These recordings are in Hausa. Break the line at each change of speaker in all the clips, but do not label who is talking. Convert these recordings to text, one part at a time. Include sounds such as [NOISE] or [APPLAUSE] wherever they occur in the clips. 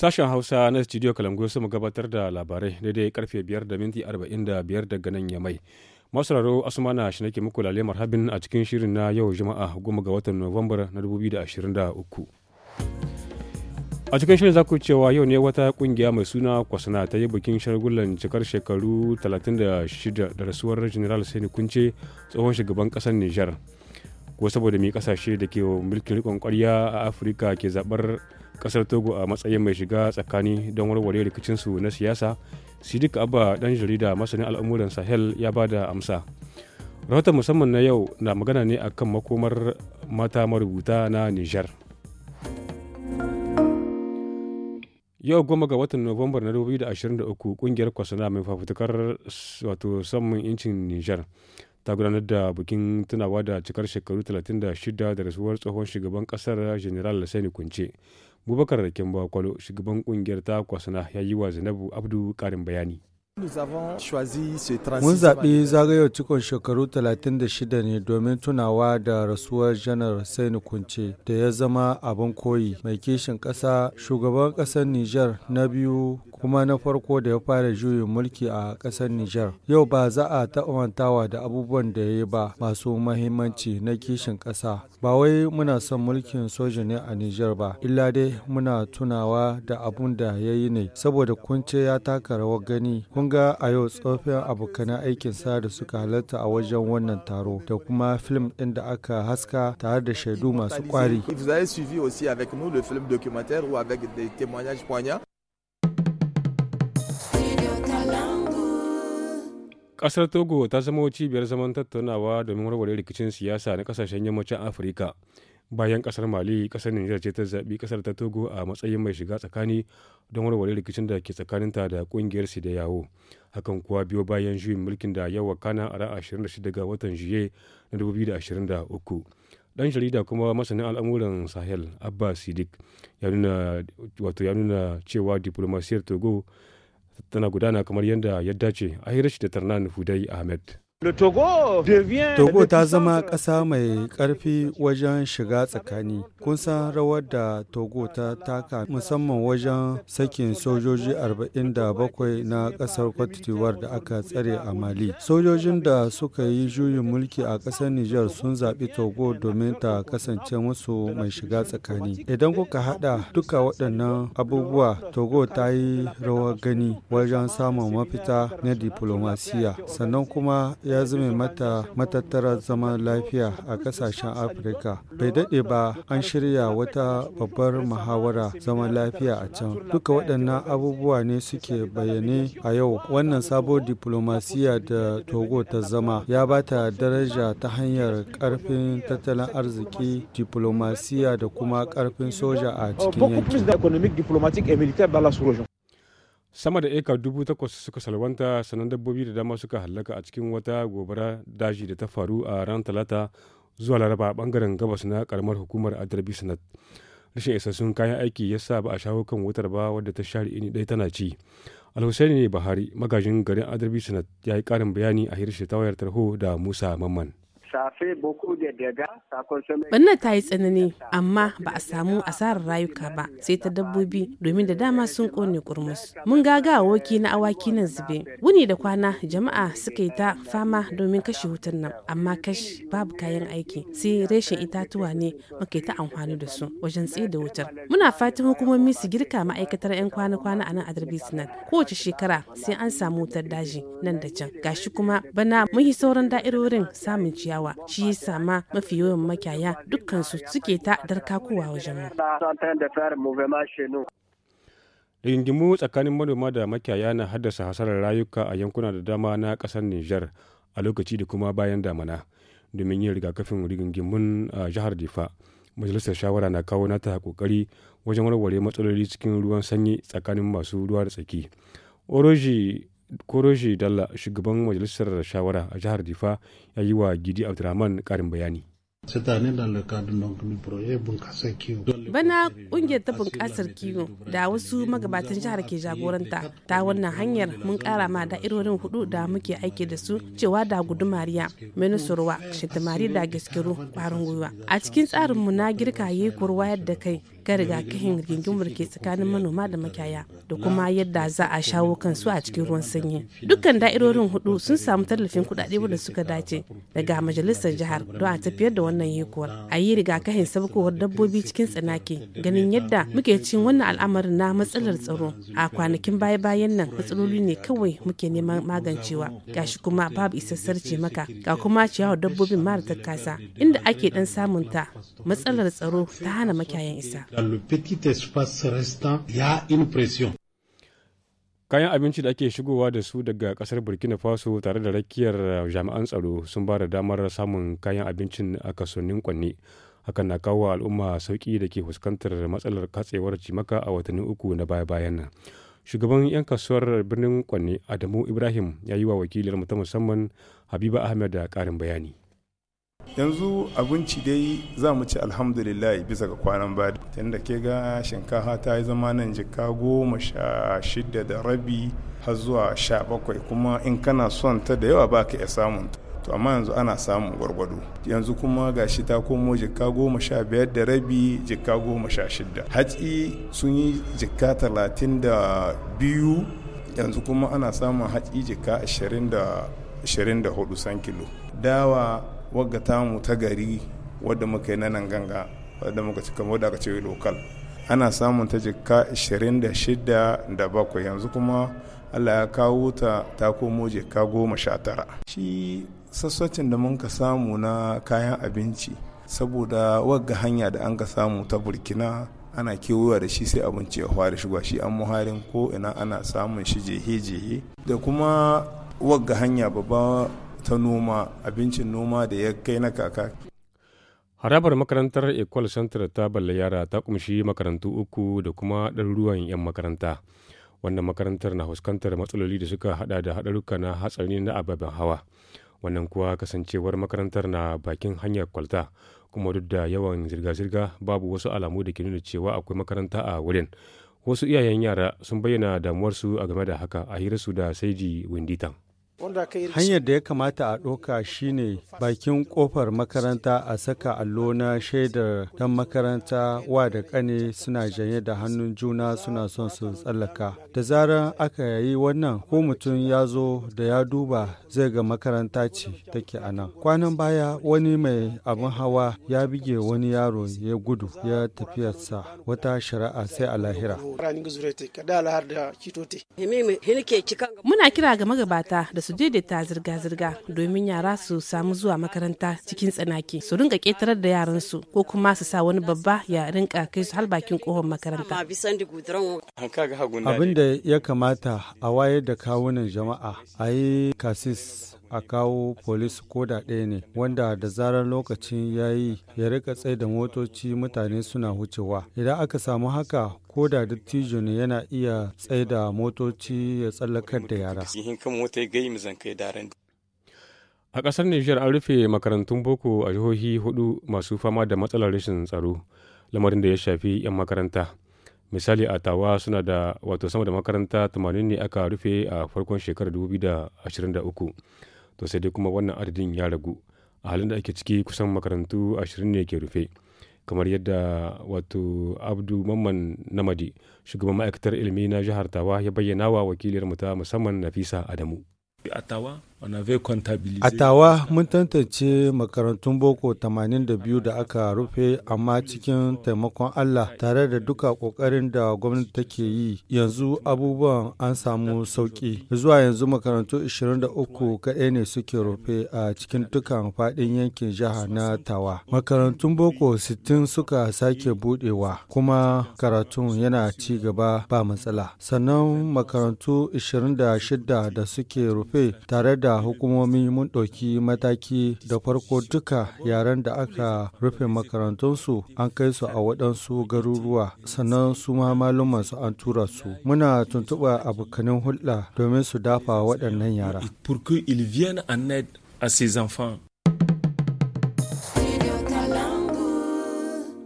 Sashen Hausa na Studio kalangu su gabatar da labarai daidai karfe 5 da minti 45 daga nan yamai mai. Masararo Asmana shi nake muku lalemar habin a cikin shirin na yau Juma'a goma ga watan Nuwambar na 2023. A cikin shirin za ku cewa yau ne wata kungiya mai suna Kwasana ta yi bikin shagulan cikar shekaru 36 da rasuwar General Sani Kunce tsohon shugaban kasar niger Ko saboda mai kasashe da ke mulkin rikon kwarya a Afirka ke zabar. kasar togo a matsayin mai shiga tsakani don warware rikicinsu na siyasa sidik abba dan jarida masanin al'amuran sahel ya ba da amsa rahoton musamman na yau na magana ne akan makomar mata marubuta na nijar yau goma ga watan nuwambar na 2023 kungiyar kwasana mai fafutukar wato samun incin nijar ta gudanar da bikin tunawa da cikar shekaru 36 da rasuwar tsohon shugaban kasar general sani kunce Bubakar Raken Bakwalo shugaban kungiyar ta
Kwasana ya yi wa Zainabu Abdu karin bayani. Mun zaɓi zagayar cikon shekaru 36 ne domin tunawa da rasuwar janar Sainu Kunce da ya zama abin koyi mai kishin ƙasa shugaban ƙasar Nijar na biyu kuma na farko da ya fara juyin mulki a ƙasar Nijar. Yau ba za a ta'awantawa da abubuwan da ya yi ba masu mahimmanci na kishin ƙasa. Ba wai muna son mulkin soja ne a Nijar ba, illa dai muna tunawa da abun da ya yi ne, saboda kunce ya taka rawar gani. Kun ga a yau tsofin abokanan aikin sa da suka halarta a wajen wannan taro da kuma film ɗin da aka haska tare da shaidu masu ƙwari.
Vous avez suivi aussi avec nous le film documentaire ou avec des témoignages poignants.
kasar Togo ta zama cibiyar zaman tattaunawa domin warware rikicin siyasa na kasashen yammacin Afirka. Bayan kasar Mali, kasar niger ce ta zabi kasar ta Togo a matsayin mai shiga tsakani don warware rikicin da ke tsakanin ta da kungiyar da yawo Hakan kuwa biyo bayan juyin mulkin da yawa kana a 26 ga watan Juye na 2023. dan jarida kuma masanin al'amuran sahel abba sidik ya nuna cewa diplomasiyar togo tana gudana kamar yadda ya dace a hirar da tarnan hudai ahmed
Togo ta zama ƙasa mai ƙarfi wajen shiga tsakani. Kun san rawar da Togo ta taka musamman wajen sakin sojoji 47 na ƙasar Cote da aka tsare a Mali. Sojojin da suka yi juyin mulki a ƙasar Nijar sun zaɓi Togo domin ta kasance musu mai shiga tsakani. Idan kuka haɗa duka waɗannan abubuwa, Togo ta yi rawar gani wajen samun mafita na diplomasiya. Sannan kuma ya zame mata matattara zaman lafiya a kasashen afirka bai daɗe ba an shirya wata babbar muhawara zaman lafiya a can duka waɗannan abubuwa ne suke bayyane a yau wannan sabuwar diplomasiya da togo ta zama ya ba ta daraja ta hanyar ƙarfin tattalin arziki diplomasiya da kuma ƙarfin soja a
cikin yankin sama da eka dubu takwas suka salwanta sanan dabbobi da dama suka hallaka a cikin wata gobara daji da ta faru a ran talata zuwa laraba a bangaren gabas na karamar hukumar adarbi sanat rashin isassun kayan aiki ya sa ba a shawo kan wutar ba wadda ta share ini ɗaya tana ci alhussaini ne bahari magajin garin adarbi sanat ya yi karin bayani a hirshi ta wayar tarho da musa mamman
Bannan ta yi tsanani amma ba a samu asarar rayuka ba sai ta dabbobi domin da dama sun kone kurmus. Mun gaga woki na awaki nan zube. Wuni da kwana jama'a suka yi ta fama domin kashe wutar nan amma kash babu kayan aiki sai reshen itatuwa ne muke ta amfani da su wajen tsaye da wutar. Muna fatan hukumomi su girka ma'aikatar 'yan kwana-kwana a nan a Darbi Kowace shekara sai an samu wutar daji nan da can. Gashi kuma bana mun yi sauran da'irorin samun ciyawa. yawa shi yasa sama mafi yawan makiyaya dukkansu suke ta darkakowa wajen mu.
Rigingimu tsakanin manoma da makiyaya na haddasa hasarar rayuka a yankuna da dama na ƙasar Nijar a lokaci da kuma bayan damana domin yin rigakafin rigingimun a jihar Difa. Majalisar shawara na kawo nata kokari wajen warware matsaloli cikin ruwan sanyi tsakanin masu ruwa da tsaki. Oroji koroshi Dalla shugaban majalisar shawara a jihar Difa ya yi wa Gidi Abdurrahman karin bayani.
Bana kungiyar ta bunƙasar kiwo da wasu magabatan jihar ke jagoranta ta wannan hanyar mun ƙara ma da'irorin hudu da muke aiki da su cewa da gudu gudumariya, minusurwa, shintamari da gaskiru kwarin gwiwa. A cikin tsarinmu na girka yi kurwa da kai matakan rigakafin rigingimu ke tsakanin manoma da makiyaya da kuma yadda za a shawo kansu a cikin ruwan sanyi dukkan da'irorin hudu sun samu tallafin kudade wanda suka dace daga majalisar jihar don a tafiyar da wannan yekuwar a yi rigakafin sabkowar dabbobi cikin tsanaki ganin yadda muke cikin wannan al'amarin na matsalar tsaro a kwanakin baya-bayan nan matsaloli ne kawai muke neman magancewa gashi kuma babu isassar ce maka ga kuma ciyawar dabbobin mara ta kasa inda ake dan samunta matsalar tsaro ta hana makiyayan isa.
kayan abinci da ake shigowa da su daga kasar burkina faso tare da rakiyar uh, jami'an tsaro sun ba da damar samun kayan abincin a kasonin kwanne hakan na kawo al'umma sauki da ke fuskantar matsalar katsewar cimaka a watanni uku na baya-bayan nan shugaban 'yan kasuwar birnin kwanne adamu ibrahim ya yi wa wakilar ta musamman
habiba ahmed da karin bayani yanzu abinci dai za mu ci alhamdulillah bisa ga kwanan ba tun da ke ga shinkafa ta yi zama nan jika goma sha shida da rabi har zuwa sha bakwai kuma in kana son ta da yawa baka iya samun ta to amma yanzu ana samun gwargwado yanzu kuma gashi ta komo jikka goma sha biyar da rabi jikka goma sha shida hatsi sun yi jikka talatin da biyu yanzu kuma ana samun hatsi jikka ashirin da hudu san kilo dawa ta mu ta gari wadda muka yi na nan ganga wadda muka ci kamar wadda ce lokal ana samun ta jikka 26 da bakwai yanzu kuma allah ya kawo ta ta komo jikka goma sha tara shi sassacin da mun ka samu na kayan abinci saboda wagga hanya da an ka samu ta burkina ana kewaya da shi sai abinci ya fara shiga shi an muharin ko ina ana samun shi jehe-jehe da kuma wagga hanya babba ta noma abincin noma da ya kai na kaka
harabar makarantar ecole centre ta balle yara ta kumshi makarantu uku da kuma ɗaruruwan 'yan makaranta wannan makarantar na fuskantar matsaloli da suka hada da haɗaruka na hatsari na ababen hawa wannan kuwa kasancewar makarantar na bakin hanyar kwalta kuma duk da yawan zirga-zirga babu wasu alamu da ke nuna cewa akwai makaranta a wurin wasu iyayen yara sun bayyana
damuwarsu a game da haka a hirarsu da saiji winditan Hanyar da ya kamata a ɗauka shine bakin ƙofar makaranta a saka allo na shaidar dan makaranta wa da ƙane suna janye da hannun juna suna son su tsallaka. Da zarar aka yi wannan ko mutum ya zo da ya duba zai ga makaranta ce take a nan. Kwanan baya wani mai abin hawa ya bige wani yaro ya gudu ya tafiyarsa wata shari'a sai a lahira.
Muna kira ga magabata da su su daidaita zirga-zirga domin yara su samu zuwa makaranta cikin tsanaki su rinka ƙetarar da yaransu ko kuma su sa wani babba ya rinka kai su har bakin kohon makaranta.
Abin da ya kamata a wayar da kawunan jama'a a yi kasis a kawo polis koda ɗaya ne wanda da zarar lokacin ya yi ya rika tsaye da motoci mutane suna wucewa idan aka samu haka ko da dattijo ne yana iya tsaye da motoci ya tsallakar da yara
a ƙasar nijar an rufe makarantun boko a jihohi hudu masu fama da matsalar rashin tsaro lamarin da ya shafi 'yan makaranta misali a tawa suna da wato sama da makaranta 80 ne aka rufe a farkon shekarar 2023 to sai dai kuma wannan adadin ya ragu a halin da ake ciki kusan makarantu ashirin ne ke rufe kamar yadda wato abdu mamman namadi shugaban ma'aikatar ilimi na jihar tawa ya bayyana wa wakiliyar mu ta musamman nafisa adamu A tawa
mun tantance makarantun boko 82 da aka rufe amma cikin taimakon Allah tare da duka kokarin da gwamnati take yi yanzu abubuwan an samu sauki. Zuwa yanzu makarantu 23 kaɗai ne suke rufe a cikin dukan faɗin yankin jiha na tawa. Makarantun boko 60 suka sake budewa kuma karatun yana ci gaba ba matsala. Sannan makarantu 26 da suke rufe rufe tare da hukumomi mun ɗauki mataki da farko duka yaren da aka rufe makarantunsu an kai su a waɗansu garuruwa sannan su ma su an tura su muna tuntuɓa abokanin hulɗa domin su dafa waɗannan yara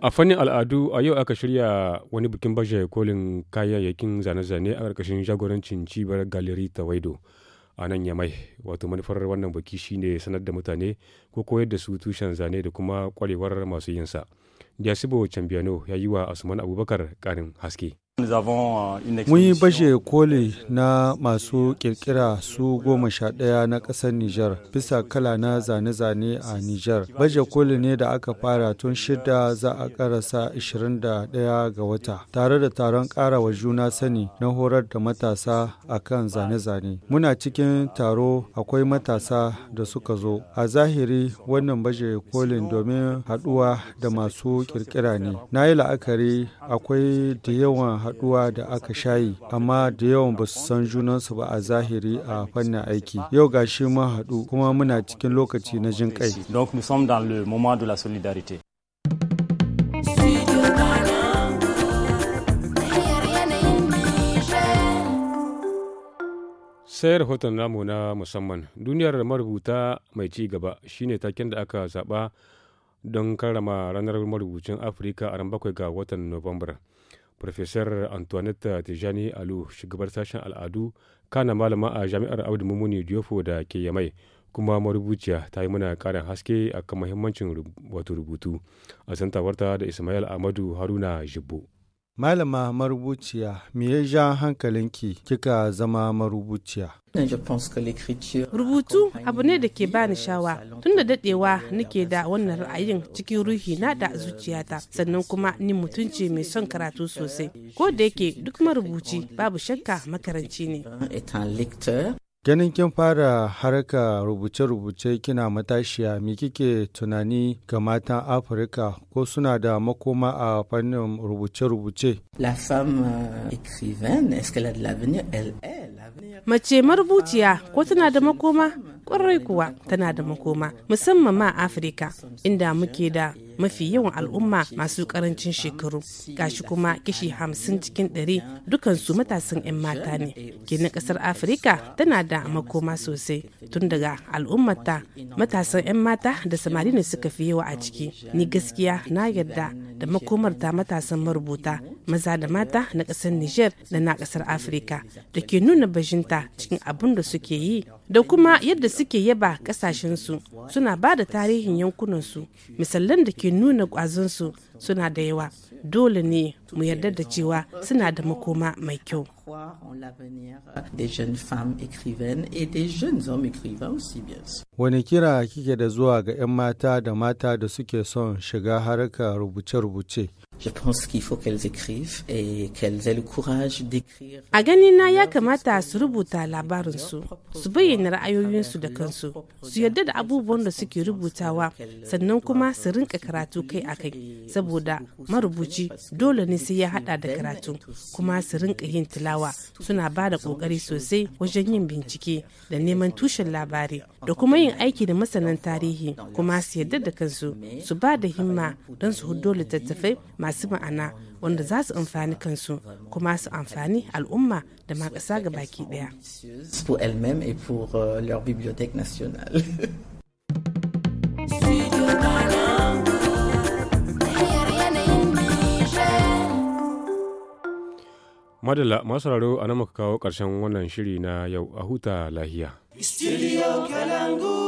A fannin al'adu a yau aka shirya wani bikin baje kolin kayayyakin zane-zane a ƙarƙashin jagorancin cibiyar galeri ta Waido. a nan yamai wato manufar wannan baki shine sanar da mutane ko koyar da su tushen zane da kuma kwarewar masu yinsa jasibo cambiano ya yi wa asuman abubakar karin haske
Euh, Mun yi bashe koli na masu kirkira su goma sha ɗaya na ƙasar Nijar bisa kala na zane-zane a Nijar. Baje koli ne da aka fara tun shida za a ƙarasa 21 ga wata tare da taron ƙara wa juna sani na horar da matasa a kan zane-zane. Muna cikin taro akwai matasa da suka zo. A zahiri wannan baje kolin domin haɗuwa da masu ƙirƙira ne. Na yi la'akari akwai da yawan haɗuwa da aka shayi amma da yawan ba su san junansu ba a zahiri a fannin aiki yau gashi mun haɗu kuma muna cikin lokaci na jin kai
sai rahoton namu na musamman duniyar marubuta mai ci gaba shine taken da aka zaba don karrama ranar marubucin afirka a ran bakwai ga watan nuwambar Profesor Antoinette Tijani Alu, shugabar sashen al'adu, kana malama a jami'ar Audu Mumuni Diofo da ke Yamai, kuma marubuciya ta yi muna karin haske akan muhimmancin wato rubutu a santawarta da Ismail
Ahmadu Haruna Jibbo. Malama marubuciya, me ya ja hankalinki kika zama marubuciya?
Rubutu abu ne da ke bani shawa tun da dadewa nake da wannan ra'ayin cikin ruhi na da zuciyata sannan kuma ni mutunci mai son karatu sosai ko da yake duk marubuci babu shakka makaranci ne.
Ganin kin fara harka rubuce-rubuce kina matashiya, me kike tunani ga matan Afirka ko suna da makoma a fannin rubuce-rubuce?
La femme euh, écrivaine, est-ce qu'elle a de Elle Mace marubuciya ko tana da makoma? Ƙwarai kuwa tana da makoma, musamman ma Afirka, inda muke da mafi yawan al'umma masu karancin shekaru gashi kuma kishi hamsin cikin ɗari dukansu matasan 'yan mata ne na ƙasar afirka tana da makoma sosai tun daga al'ummata matasan 'yan mata da samari ne suka fi yawa a ciki ni gaskiya na yarda da makomarta matasan marubuta maza da mata na ƙasar niger da na ƙasar afirka da ke nuna bashin mafita cikin abin da suke yi da kuma yadda suke yaba kasashensu suna ba da tarihin yankunansu misalan da ke nuna kwazonsu suna da yawa dole ne mu yarda da cewa suna da makoma mai kyau
croire en
l'avenir euh, des jeunes femmes écrivaines et des jeunes hommes écrivains aussi bien sûr. Wani
kira kike da zuwa ga 'yan mata da mata da suke son shiga harkar rubuce-rubuce?
Je pense qu'il faut qu'elles écrivent et qu'elles aient le courage d'écrire. A ganina ya kamata su rubuta labarinsu, su bayyana ra'ayoyinsu da kansu, su yarda da abubuwan da suke rubutawa, sannan kuma su rinka karatu kai a kai, saboda marubuci dole ne sai ya hada da karatu, kuma su rinka yin tilawa. yawa suna ba da ƙoƙari sosai wajen yin bincike da neman tushen labari da kuma yin aiki da masanan tarihi kuma su yarda da kansu su ba da himma don su hudo littattafai masu ma'ana wanda za su amfani kansu kuma su amfani al'umma da ma ƙasa ga baki ɗaya. Studio [LAUGHS]
Madalla masu raro a nan muka kawo ƙarshen wannan shiri na yau a huta lahiya.
Studio
Kalangu.